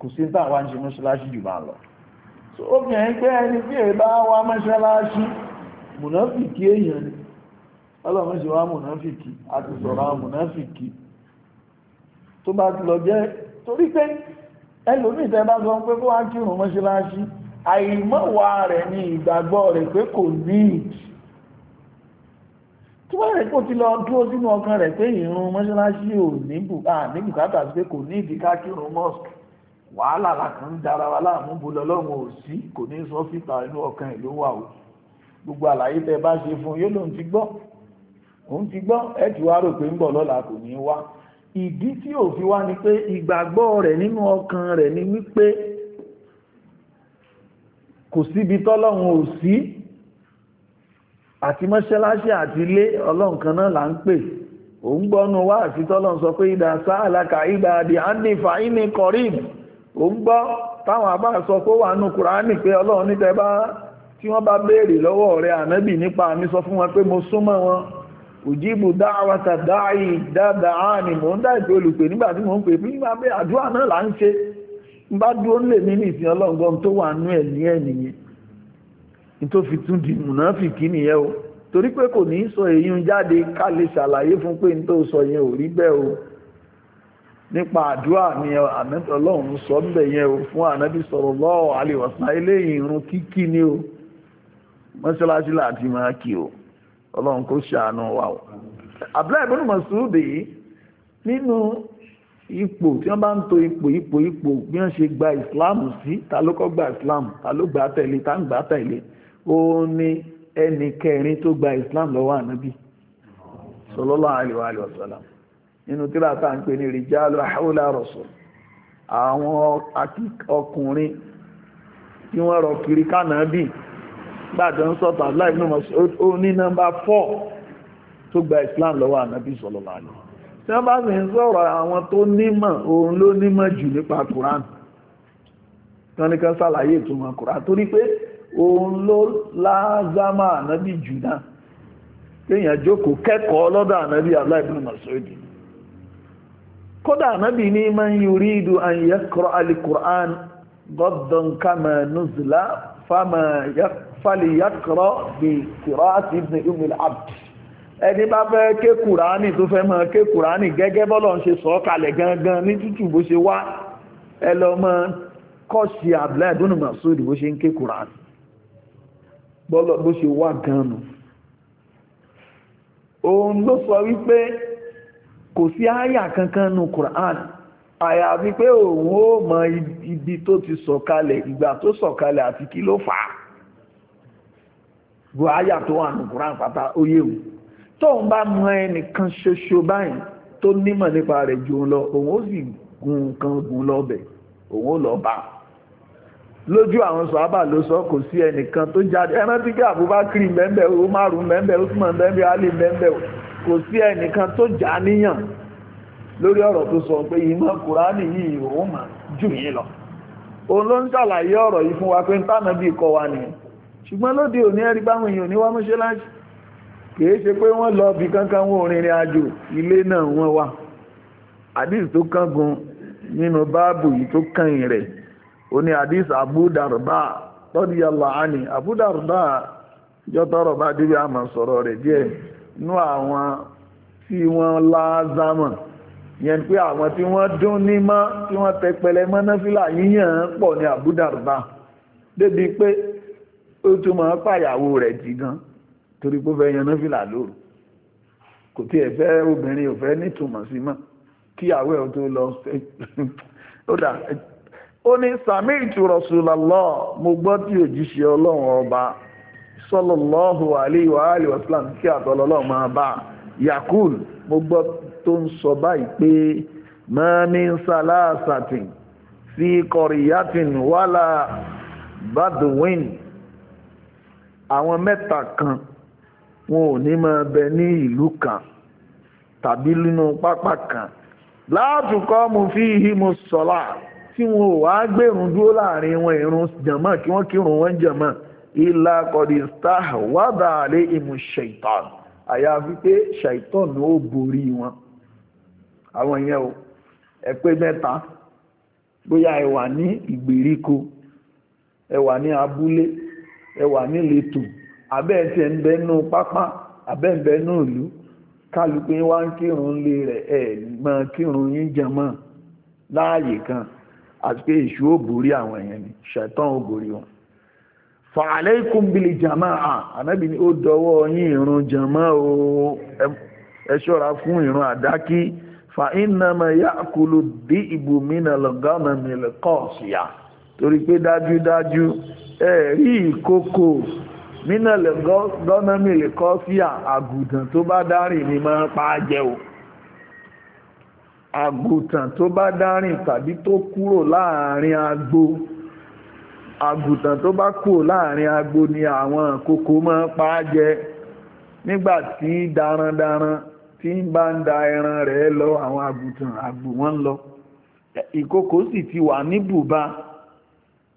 kò sí táwọn ń ṣe mọ́ṣáláṣí jù bá lọ so obìnrin pé ẹni tí è bá wá mọ́ṣáláṣí mùnáfìkì èèyàn ni ọlọ́mọṣẹ́ wá mùnáfìkì àti sọ̀rọ̀ àwọn mùnáfìkì tó bá ti lọ jẹ́ torí pé ẹlòmíì tẹ́ bá sọ pé kó wá kírun mọ́ṣáláṣí àìmọ́wàá rẹ̀ ni ìgbàgbọ́ rẹ̀ pé kò ní ìdí tí wọ́n rẹ̀ kó ti lọ dúró sínú ọkàn rẹ̀ pé ìrun mọ́ṣáláṣí ò ní bùkátà sí pé kò ní ìdíká kírun mosque wàhálà làkàn ń dára wa láàmú bo lọ́lọ́run ò sí kò ní sọ síta inú ọkàn ìlú wà o gbogbo àlàyé tẹ bá ṣe fún yóò lòun ti gbọ́ òun ti gbọ́ ẹ ti wá rò pé ń bọ̀ lọ́la kò ní wá ìdí tí ò fi wá ni pé ìgbàgbọ́ rẹ̀ nínú ọkàn rẹ̀ ni wípé kò síbi tọ́lọ́run ò sí àti mọ́ṣáláṣí àti ilé ọlọ́run kan náà là ń pè òun gbọ́nu wá àfitọ́lọ́n sọ pé ìdá sáàlákà ìdá àdì àndìfà ìní kọ̀rìm òun gbọ́ táwọn àbá sọ pé wà nù kùránì pé ọlọ́run ní tẹ́bá tí wọ́n bá béèrè lọ́wọ́ rẹ̀ ànábì nípa mi sọ fún wọn pé mo súnmọ́ wọn òjìbù dáwàtà dáì dáadáa ni mò ń dá ìpè olùpè nígbà tí mò ń pè nígbà pé àdúrà náà là ń ṣe ń bá dúró lè mí nìsín ọlọ́run gan tó wà nú ẹ̀ ní ẹ̀ nìyẹn tó fi tún di mùnáfìkì nìyẹn o torí pé kò ní sọ èyí jáde ká lè ṣàlàyé fún pé ní tó sọ yẹn ò rí bẹ́ẹ̀ o nípa àdúrà ni àmẹ́tọ̀ ọlọ́run sọ ń bẹ̀ yẹn o fún ànábì sallallahu alaihi wasallam eléyìí irun kíkí ni o mọ́ṣáláṣí láti máa kí o ọlọ́run kò ṣàánú wa o. Abdullahi ibn Mas'ud yìí nínú ipò tí wọ́n bá ń to ipò ipò ipò bí wọ́n ṣe gba ìsìláàmù sí ta ló kọ́ gba ìsìláàmù ta ló gbà tẹ̀lé ta ń gbà tẹ̀lé ó ní ẹni kẹrin tó gba islam lọ́wọ́ ànábì sọlọlọ alaihi wa sallam nínú tíra nke ń pè ní rijalu àwọn ọkùnrin tí wọ́n rọ̀ kiri kánàbì gbàdọ̀ ń sọ́tọ̀ abdullahi ní nọ́mbà fọ́ tó gba islam lọ́wọ́ òun ló láàzámà ànábì jù náà kéèyàn jókòó kẹ́kọ̀ọ́ lọ́dọ̀ ànábì aláìbùn masoodi kódà ànábì ní man yuridu an yakra alikur'an gọ́dọ̀n kama nuzula fali yakra bi kiraati ibn umil abd ẹni bá fẹ́ ké kùránì tó fẹ́ mọ́ ké kùránì gẹ́gẹ́ bọ́lọ̀ ń ṣe sọ kalẹ̀ gangan ní tútù bó ṣe wá ẹ lọ mọ́ kọ́ọ̀ṣì abdullahi ibn masoodi bó ṣe ń ké kùránì bọ́lọ̀ bó ṣe wà gan-an òun ló sọ wípé kò sí àyà kankan nù Quran àyàfi pé òun ó mọ ibi tó ti sọ̀kalẹ̀ ìgbà tó sọ̀kalẹ̀ àti kí ló fà á bu àyà tó wà nù Quran pátá ó yé òun tóun bá mọ ẹnìkan ṣoṣo báyìí tó nímọ̀ nípa rẹ̀ jù lọ òun ó sì gun nǹkan gùn lọ́bẹ̀ òun ó lọ bá a lójú àwọn sọ́ábà ló sọ kò sí ẹnìkan tó jáde ẹran tí kí Abubakar mẹ́mbẹ́ o márùn mẹ́mbẹ́ Usman mẹ́mbẹ́ Ali mẹ́mbẹ́ o kò sí ẹnìkan tó já níyàn lórí ọ̀rọ̀ tó sọ pé ìmọ̀ Kùránì yìí òun mà jù yín lọ òun ló ń ṣàlàyé ọ̀rọ̀ yìí fún wa pé ń tànà bí kọ wa nìyẹn ṣùgbọ́n lóde òní ẹ̀rí báwọn èèyàn ní wá mọ́ṣáláṣí kìí ṣe pé wọ́n lọ bí kankan wọn òrìnrìn àjò ilé náà wọ́n wà àdìs tó kángun nínú báàbù yìí tó kàn rẹ̀ ó ní hadith Abu Darda radiyallahu anhu Abu Darda jọ́tọ̀rọ̀ bá débi àmọ̀ sọ̀rọ̀ rẹ̀ díẹ̀ nú àwọn tí wọ́n láázámọ̀ yẹn pé àwọn tí wọ́n dún ní mọ́ tí wọ́n tẹpẹlẹ mọ́ náfìlà yíyàn pọ̀ ní Abu Darda débi pé ó tún máa pàyàwó rẹ̀ jì gan torí pé ó fẹ́ yan náfìlà lóru kò tí ẹ fẹ́ obìnrin ò fẹ́ nítumọ̀ sí mọ́ kíyàwó ẹ̀ tó lọ ó dà ó ní sàmì ìtùrọ̀sùlọ́lọ́ mo gbọ́ tí òjíṣẹ́ ọlọ́run ọba sọlọ́lọ́hù àlíwá àlíwá islam kí àtọ́lọ́lọ́ máa bá yakul mo gbọ́ tó ń sọ báyìí pé mọ́mí sàlásàtìn sí kọ̀ríyàtìn wàlà badwin àwọn mẹ́ta kan wọn ò ní máa bẹ ní ìlú kan tàbí nínú pápá kan láàtúkọ́ mu fi himu sọ́lá tí wọn ò wá gbèrún dúró láàrin wọn ìrun jàmáà kí wọn kírun wọn jàmáà ilà kọ̀dìstà wàdà àlé ìmú ṣèitán àyàfi pé ṣèitán ni ó borí wọn àwọn yẹn o ẹ pé bóyá ẹ wà ní ìgbèríko ẹ wà ní abúlé ẹ wà ní ìletò abẹ́ ti ń bẹ pápá ń bẹ ìlú kálukú yín wá ń kírun àti pé èṣù ó borí àwọn èèyàn ni ṣẹ̀tàn ó borí wọn fàálẹ́ ìkúnbìlì jàmá ànábì ni ó dọwọ́ yín ìrun jàmá o ẹ ṣọ́ra fún ìrun àdákí fa ìnàmọ̀ yá kúlù dí ìbò mìíràn lọ́gọ́nà mìíràn kọ́ọ̀sìyà torí pé dájúdájú ẹ rí ìkókò mìíràn lọ́gọ́nà mìíràn kọ́ọ̀sìyà àgùntàn tó bá dárìn ni máa pa á jẹ o àgùntàn tó bá dárìn tàbí tó kúrò láàrin agbo àgùntàn tó bá kúrò láàrin agbo ni àwọn kòkó máa pa á jẹ nígbà tí darandaran tí ń bá ń da ẹran rẹ̀ lọ àwọn àgùntàn àgbò wọn lọ ìkòkò sì ti wà ní bùbá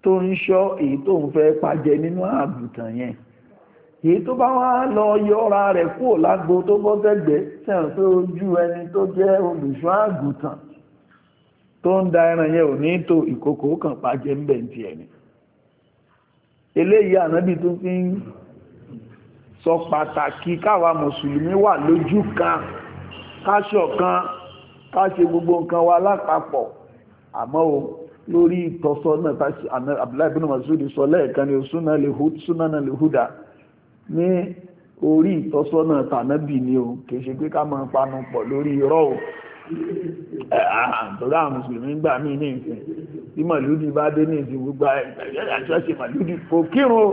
tó ń ṣọ́ èyí tó ń fẹ́ pàjẹ nínú àgùntàn yẹn èyí tó bá wá lọ yọra rẹ̀ kúrò lágbo tó bọ́ sẹ́gbẹ̀ẹ́ sẹ́hàn pé ojú ẹni tó jẹ́ olùṣọ́ àgùntàn tó ń da ẹran yẹn ò ní tó ìkòkò kan pàjẹ́ ń bẹ̀ ti ẹ̀mí eléyìí ànábì tó fi ń sọ pàtàkì káwa mùsùlùmí wà lójú kan kan ká ṣe gbogbo nǹkan wa lápapọ̀ àmọ́ o lórí ìtọ́sọ́nà tá Abdullahi bin Masudi sọ lẹ́ẹ̀kan ni o lè húdà ní orí ìtọ́sọ́nà tànábì ni o kìí ṣe pé ká máa panu pọ̀ lórí irọ́ àtọ́lá mùsùlùmí gbà mí ní ìsìn tí màlúdì bá dé ní ìsìn gbogbo àṣẹ ṣe màlúdì kò kírun o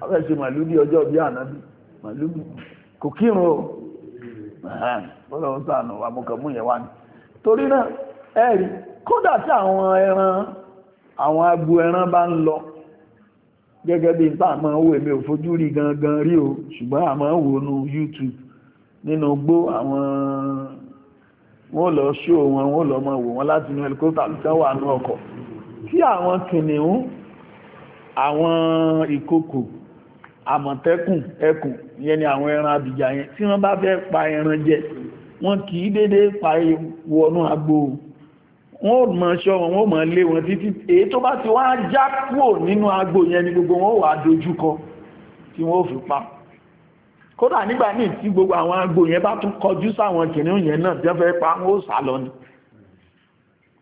ọ̀fẹ́ ṣe ọjọ́ bí gẹ́gẹ́ bí n tà mọ́ owó èmi ò fojú rí gangan rí o ṣùgbọ́n àmọ́ wò nu YouTube nínú gbó àwọn wọ́n lọ ṣó wọn wọ́n lọ mọ̀ wò wọ́n láti inú ẹlikópítà tán wà ní ọkọ̀ tí àwọn kìnìún àwọn ìkòkò àmọ̀tẹ́kùn ẹkùn yẹn ni àwọn ẹran abìjà yẹn tí wọ́n bá fẹ́ pa ẹran jẹ wọ́n kì í déédéé pa wọnú agbo wọ́n mọ̀ ṣọ́ wọn wọ́n mọ̀ lé wọn títí èyí tó bá ti wá já kúrò nínú agbo yẹn ni gbogbo wọn wà dojúkọ tí wọ́n fi pa kódà nígbà míì tí gbogbo àwọn agbo yẹn bá tún kọjú sáwọn kìnìún yẹn náà tí wọ́n fẹ́ pa wọn ó sá lọ ni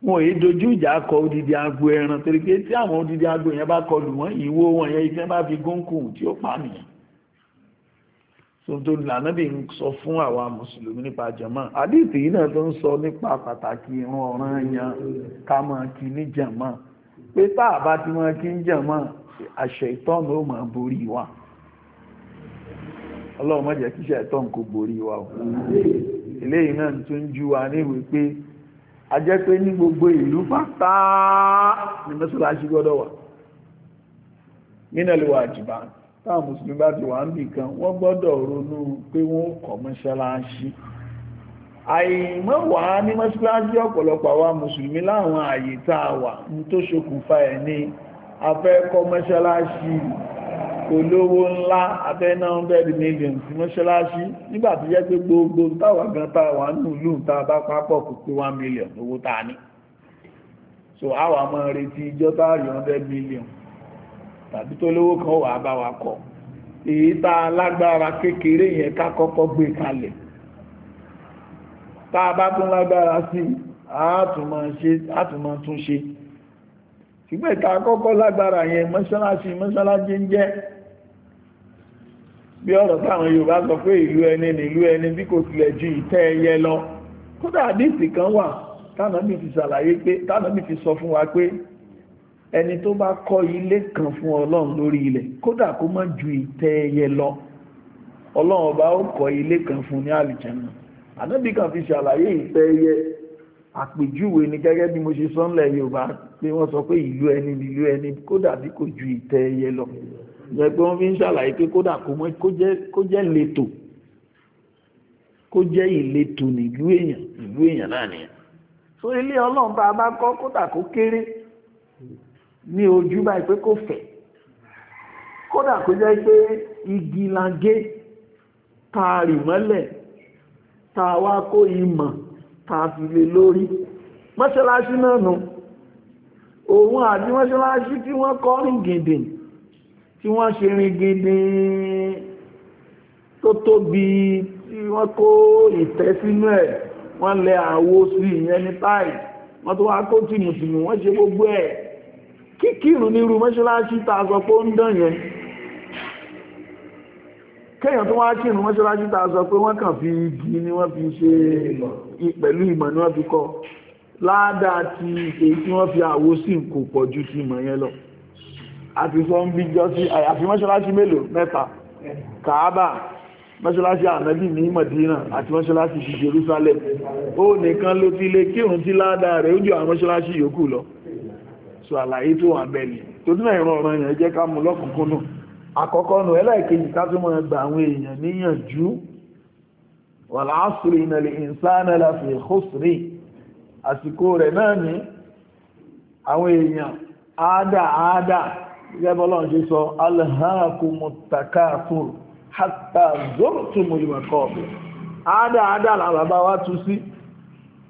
wọn èyí dojú ìjà kọ odidi agbo ẹran torí pé tí àwọn odidi agbo yẹn bá kọlù wọn ìwo wọn yẹn ìfẹ́ bá fi góńkù tí ó pa nìyẹn sọ́dọ̀ lànàbì ń sọ fún àwa mùsùlùmí nípa jàmáà àdìtì yìí náà tó ń sọ nípa pàtàkì ìran ọ̀ranyàn ká máa kí ní jàmáà pé tá a bá ti máa kí ní jàmáà àṣẹ ìtọ́nù ó máa borí wa ọlọ́run má jẹ́ kí ṣe ìtọ́nù kò borí wa o eléyìí náà tún ju wa níwèé pé a jẹ́ pé ní gbogbo ìlú pátá ní mọ́sálásí gbọ́dọ̀ wà nínú ẹ̀lú wa àjìbá táwọn mùsùlùmí bá ti wà ń bì kan wọ́n gbọ́dọ̀ ronú pé wọ́n kọ́ mọ́ṣáláṣí àìmọ́ wà á ní mọ́ṣáláṣí ọ̀pọ̀lọpọ̀ àwa mùsùlùmí láwọn àyè tá a wà ní tó ṣokùnfà ẹ̀ ní afẹ́kọ́ mọ́ṣáláṣí olówó ńlá abẹ́ná hundred million sí mọ́ṣáláṣí nígbà tó jẹ́ pé gbogbo táwa gan tá a wà nínú ìlú tá a bá pápọ̀ kò pé one million owó tá a ní so àwa máa retí ìjọ tá a rí hundred million tàbí tó lówó kan wà bá wa kọ èyí tá a lágbára kékeré yẹn ká kọ́kọ́ gbé kalẹ̀ tá a bá tún lágbára sí àtúmọ̀ tún ṣe ṣùgbọ́n ìta kọ́kọ́ lágbára yẹn mọ́ṣáláṣí mọ́ṣáláṣí ń jẹ́ bí ọ̀rọ̀ táwọn Yorùbá sọ pé ìlú ẹni nílú ẹni bí kò tilẹ̀ ju ìtẹ́ ẹyẹ lọ kódà àdìsí kan wà tánàbí fi ṣàlàyé pé tánàbí fi sọ fún wa pé ẹni tó bá kọ́ ilé kan fún ọlọ́run lórí ilẹ̀ kódà kó má ju ìtẹ́ ẹyẹ lọ ọlọ́run ọba ó kọ́ ilé kan fún ní àlùjànnà ànábì kan fi ṣàlàyé ìtẹ́ ẹyẹ àpèjúwe ni gẹ́gẹ́ bí mo ṣe sọ ńlẹ̀ yorùbá pé wọ́n sọ pé ìlú ẹni ìlú ẹni kódà bí kò ju ìtẹ́ ẹyẹ lọ yẹ pé wọ́n fi ń ṣàlàyé pé kódà kó jẹ́ ìletò kó jẹ́ ìletò nílùú èèyàn ìlú èèyàn náà nìyẹn so ilé ọlọ́run bá a bá kọ́ kódà kó kéré ní ojú báyìí pé kò fẹ̀ kódà kó jẹ́ pé igi la gé ta rì mọ́lẹ̀ ta wá kó imọ̀ ta fi lé lórí mọ́ṣáláṣí náà nù òun àti mọ́ṣáláṣí tí wọ́n kọ́ rìngìndìn tí wọ́n ṣe rìngìndìn tó tóbi tí wọ́n kó ìtẹ́ sínú ẹ̀ wọ́n lẹ àwo sí ìyẹn wọ́n tó wá kó tìmùtìmù wọ́n ṣe gbogbo ẹ̀ kíkìrù ní irú mọ́ṣáláṣí ta sọ pé ó ń dán yẹn kéèyàn tó wá kírù mọ́ṣáláṣí ta sọ pé wọ́n kàn fi igi ni wọ́n fi ṣe pẹ̀lú ìmọ̀ ni wọ́n fi kọ́ ládàá ti èyí tí wọ́n fi àwo sí kò pọ̀ ju ti ìmọ̀ yẹn lọ àti sọ ń bí jọ sí àyàfi mọ́ṣáláṣí mélòó mẹ́ta kàábà mọ́ṣáláṣí ànábì ní mọ̀dínà àti mọ́ṣáláṣí ti Jerusalem ó nìkan ló ti lè kírun tí ládàá rẹ̀ ó jù àwọn mọ́ṣáláṣí yòókù lọ so àlàyé tó wà bẹ́ẹ̀ ni tó dínà ìran ọ̀ràn èèyàn jẹ́ ká mú lọ́kùnkún nù àkọ́kọ́ nù ẹlẹ́ẹ̀kejì ká tó máa gba àwọn èèyàn níyànjú wal asri innal insana lafi khusri àsìkò rẹ̀ náà ní àwọn èèyàn àádà àádà gẹ́bọ́lọ́n ṣe sọ alhakumut takathur àádà àádà làbàbá wa tú sí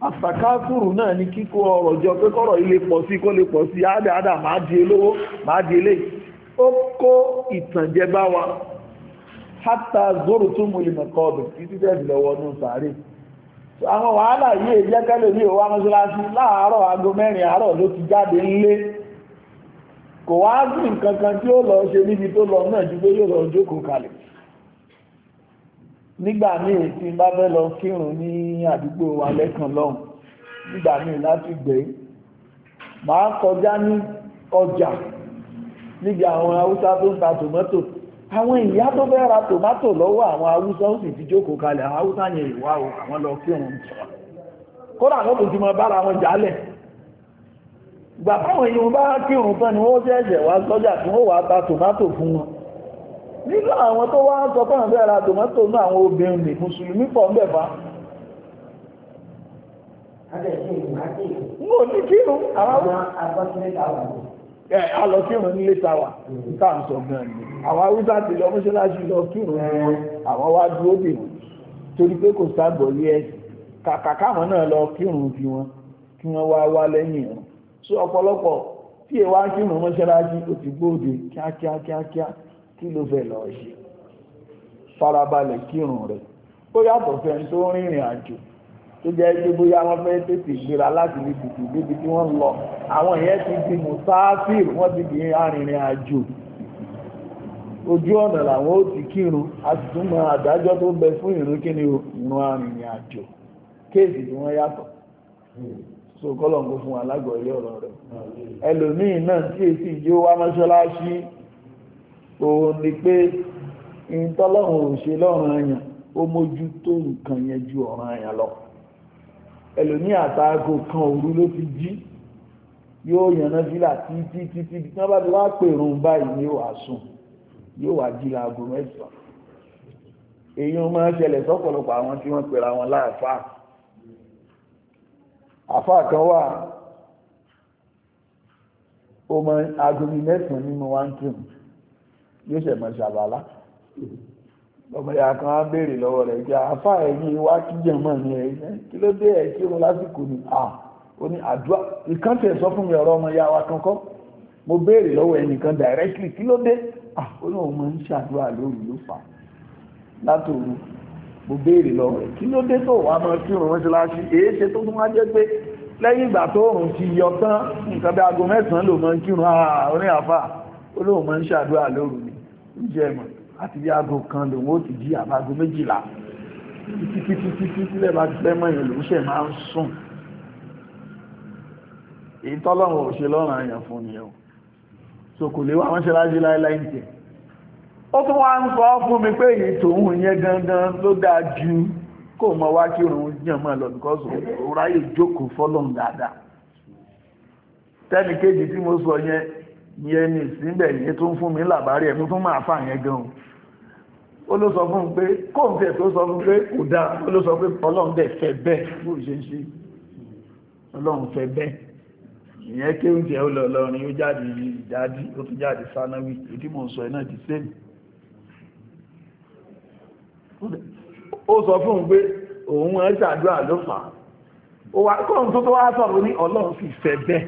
àtàkásùrù náà ni kíkó ọrọ̀ jọ pé kọ́rọ̀ ilé pọ̀ sí kó lè pọ̀ sí máa di olówó máa di ilé ó kó ìtànjẹ bá wa hátà zoro tún mú ìmọ̀ kọ́ọ̀dù títí tẹ̀sí lọ́wọ́ nù sàárè àwọn wàhálà yìí jẹ́ kẹ́lẹ̀ ní òwá mọ́ṣáláṣí láàárọ̀ aago mẹ́rin àárọ̀ ló ti jáde ńlé kò wá sí nǹkan kan tí ó lọ ṣe níbi nígbà míì tí n bá fẹ́ lọ kírun ní àdúgbò wa lẹ́kàn lọ́hùn nígbà míì láti gbé màá kọjá ní ọjà níbi àwọn haúsá tó ń ta tòmátò àwọn ìyá tó fẹ́ ra tòmátò lọ́wọ́ àwọn haúsá ó sì ti jókòó kalẹ̀ àwọn haúsá yẹn ìwá o àwọn lọ kírun kódà wọ́n kò ti mọ bára wọn jálẹ̀ gbà báwọn èèyàn bá kírun tán ni wọ́n jẹ́ ẹ̀jẹ̀ wá sọ́jà tí wọ́n wá ta tòmátò fún wọn nínú àwọn tó wá ń sọ fún àwọn ẹ̀rà tòmátò ní àwọn obìnrin ní mùsùlùmí pọ̀ ń bẹ̀ bá mo ní kírun àwọn alọ kírun nílé tàwà níta mm. ń sọ gan ni àwọn awúsá ti lọ mọ́ṣáláṣí lọ kírun mm. àwọn wá dúró dè wọ́n torí pé kò sábọ̀ yí ẹ kàkà káwọn náà lọ kírun fi wọn kí wọ́n wá wá lẹ́yìn wọn so ọ̀pọ̀lọpọ̀ tí èèwà kírun mọ́ṣáláṣí ó ti gbóòdè kíákíákíákíá kí ló fẹ́ lọ ṣe farabalẹ̀ kírun rẹ̀ ó yàtọ̀ fẹ́ tó ń rìnrìn àjò tó jẹ́ pé bóyá wọ́n fẹ́ tètè gbéra láti lè tètè débi tí wọ́n lọ àwọn ìyẹn ti di mùsáfìr wọ́n ti di arìnrìn àjò ojú ọ̀nà làwọn ó ti kírun a sì tún mọ àdájọ́ tó bẹ fún ìrun kí ni ìrun arìnrìn àjò kéèsì tí wọ́n yàtọ̀ so kọ́lọ̀ ń kó fún alágbọ̀ọ́lé ọ̀rọ̀ rẹ̀ ẹlòmíì náà tí èsì yóò wá mọ́ṣáláṣí òun ni pé ìtọ́lọ́run ò ṣe lọ́rùn ẹ̀yàn ó mójú tó nǹkan yẹn ju ọ̀ràn ẹ̀yàn lọ ẹlòmí àtàgò kan òru ló ti jí yóò yànnà fílà títí títí tí wọ́n bá ti wá pèrún báyìí ni ó wà sùn yóò wá jí láago mẹ́sàn-án èèyàn máa ń ṣẹlẹ̀ sọ́pọ̀lọpọ̀ àwọn tí wọ́n pera wọn láàfáà àfáà kan wà ó máa ń agomi mẹ́sàn-án nínú wáńkìrì yóò ṣẹ̀ mọ̀ ṣàbàlá ọmọ ìyá kan á béèrè lọ́wọ́ rẹ̀ pé àáfà ẹ̀yìn wá kí jẹ̀mọ́ ni ẹ̀yìn kí ló dé ẹ̀ kírun lásìkò ni à ó ní àdúrà ìkan tẹ̀ sọ fún mi ọ̀rọ̀ ọmọ ìyá wa kankan mo béèrè lọ́wọ́ ẹnìkan directly kí ló dé à ó ní òun máa ń ṣàdúrà lórí ló fà látòru mo béèrè lọ́wọ́ rẹ̀ kí ló dé tó wàá máa kírun mọ́ṣáláṣí èé ṣe tó tún wá jẹ́ pé lẹ́yìn ìgbà tó òun ti yọ tán nǹkan bí aago mẹ́sàn-án ló máa ń kírun àà ó ní jẹmọ̀ àti bí aago kan lòun ó ti jí àbágo méjìlá títí títí títí tílẹ̀ bá ti fẹ́ mọ́ yẹn lòun ṣẹ̀ máa ń sùn èyí tọ́lọ́run ò ṣe lọ́rùn àyàn fún ni o so kò lè wá wọ́n ṣe láyé láíláí ń tẹ̀ ó tún wá ń sọ fún mi pé èyí tòun yẹn gangan ló dáa ju kó mọ wá kí òun yàn mọ́ lọ nìkan sọ ráyè jókòó fọ́lọ́run dáadáa tẹ́nìkejì tí mo sọ yẹn yẹn ní ìsínbẹ̀ yẹn tó ń fún mi làbárí ẹ̀mú fún máa fà yẹn gan ó ló sọ fún un pé kóńtẹ̀ tó sọ fún pé kò dáa ó ló sọ pé ọlọ́run dẹ̀ fẹ́ bẹ́ẹ̀ bó ṣe ń ṣe ọlọ́run fẹ́ bẹ́ẹ̀ ìyẹn kéwùjẹ́ ó lọ lọrin ó jáde ìdájí ó tún jáde sánáwì ìdí mò ń sọ iná di sẹ́mi ó sọ fún un pé òun ẹ ṣàdúrà ló fà á ó wá kóńtó tó wá sọ̀rọ̀ ní ọlọ́run sì fẹ́ bẹ́ẹ̀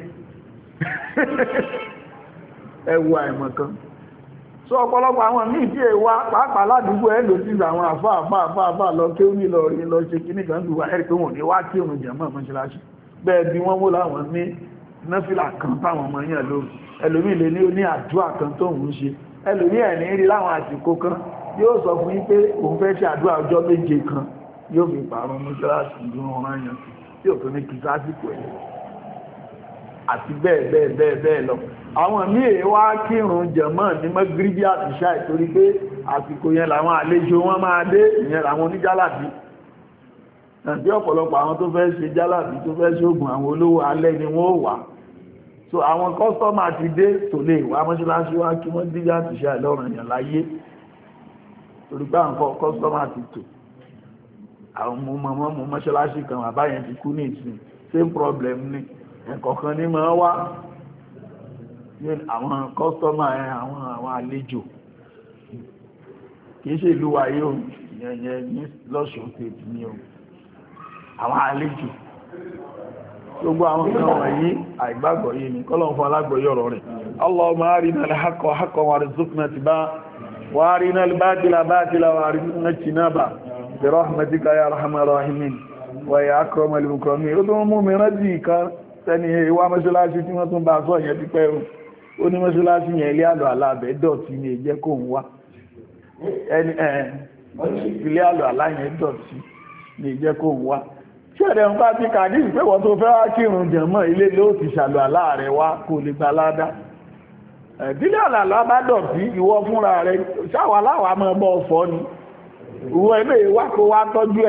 [laughs] ẹwù àìmọ̀kan so ọ̀pọ̀lọpọ̀ àwọn míì tí èwà pàápàá ládùúgbò ẹ̀ ló ti rà àwọn àfà àfà àfà àfà lọ kí ó ní lọ rí lọ ṣe kíní kan lùwà ẹ̀rí pé wọ́n ní wá kí òun jẹ̀mọ́ mọ́ṣáláṣí bẹ́ẹ̀ bí wọ́n mú láwọn ní náfìlà kan táwọn ọmọ yẹn lóru ẹlòmíì lè ní ó ní àdúrà kan tó ń ṣe ẹlòmíì ẹ̀ ní rí láwọn àsìkò kan yóò sọ fún yín pé òun fẹ́ ṣe àdúrà ọjọ́ méje kan yóò fi pààrọ̀ mọ́ṣáláṣí ìdúró ọ̀ràn yẹn àti bẹ́ẹ̀ bẹ́ẹ̀ bẹ́ẹ̀ bẹ́ẹ̀ lọ àwọn míì wá kírun jẹ̀mọ́ ní mọ́gíríbí àtìṣà ìtorí pé àsìkò yẹn làwọn àlejò wọn máa dé ìyẹn làwọn oníjálàbí àti ọ̀pọ̀lọpọ̀ àwọn tó fẹ́ ṣe jálàbí tó fẹ́ ṣoògùn àwọn olówó alẹ́ ni wọ́n wà so àwọn kọ́sọ́mà ti dé tò lè wá mọ́ṣáláṣí wá kí wọ́n dígbà àtìṣà ìlọ́rùn èèyàn láyé torí pé àwọn kọ́sọ́mà ti tò àwọn mọ́mọ́ mọ́ṣáláṣí kan àbáyẹn ti kú ní ìsìn same problem ni ẹ̀kọ̀ọ̀kan ní máa wá àwọn kọ́sọ́mà ẹ àwọn àwọn àlejò kìí ṣe ìlú wáyé o yẹnyẹ ní lọ́ṣùn tètè ní o àwọn àlejò gbogbo àwọn kan wọ̀nyí àìgbàgbọ́ yìí ni kọ́lọ̀ fún alágbọ̀yọ̀ rẹ̀ sẹ́ni ìwá mọ́ṣáláṣí tí wọ́n tún bá sọ yẹn pípẹ́ o ó ní mọ́ṣáláṣí yẹn ilé àlọ́ aláàbẹ̀ dọ̀tí ni èjẹ́ kò ń wá ẹni ilé àlọ́ aláyẹn dọ̀tí ni èjẹ́ kò ń wá ṣẹ̀rẹ̀ ń bá ti kàdí ìpé wọ́n tó fẹ́ wá kírun jẹ̀mọ́ ilé ló ti ṣàlọ́ aláàrẹ̀ wá kò lè gba ládá ìdílé àlàlá bá dọ̀tí ìwọ fúnra rẹ̀ ṣáwàláwà mọ́ bọ́ ọ̀fọ́ ni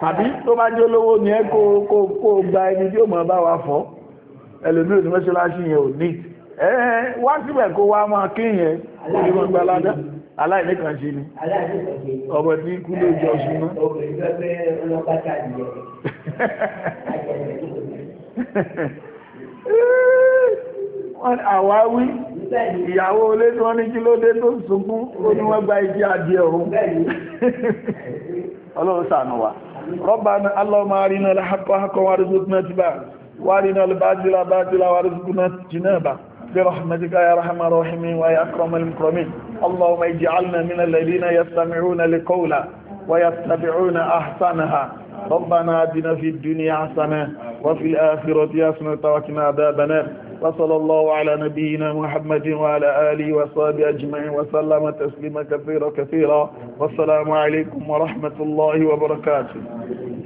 tàbí tó bá jẹ́ olówó ní ẹ kó gba ẹni tí ó mọ̀ bá wa fọ́ ẹlòmí ò ní mọ́ṣáláṣí yẹn ò ní ẹ wá síbẹ̀ kó wá máa kí yẹn kó ní wọ́n gba ládá aláìní kan ṣe ni ọmọ tí kú ló jọ súnmọ́. àwáwí ìyàwó olé tí wọ́n ní kí ló dé tó sunkún ó ní wọ́n gba ibi adìẹ òun ọlọ́run ṣàánú wa. ربنا اللهم أرنا الحق حقا وارزقنا اتباعه وأرنا الباطل باطلا وارزقنا اجتنابه برحمتك يا رحمة الراحمين ويا أكرم المكرمين اللهم اجعلنا من الذين يستمعون لقولا ويتبعون أحسنها ربنا آتنا في الدنيا حسنة وفي الآخرة حسنة وقنا عذاب النار وصلى الله على نبينا محمد وعلى آله وصحبه أجمعين وسلم تسليما كثيرا كثيرا والسلام عليكم ورحمة الله وبركاته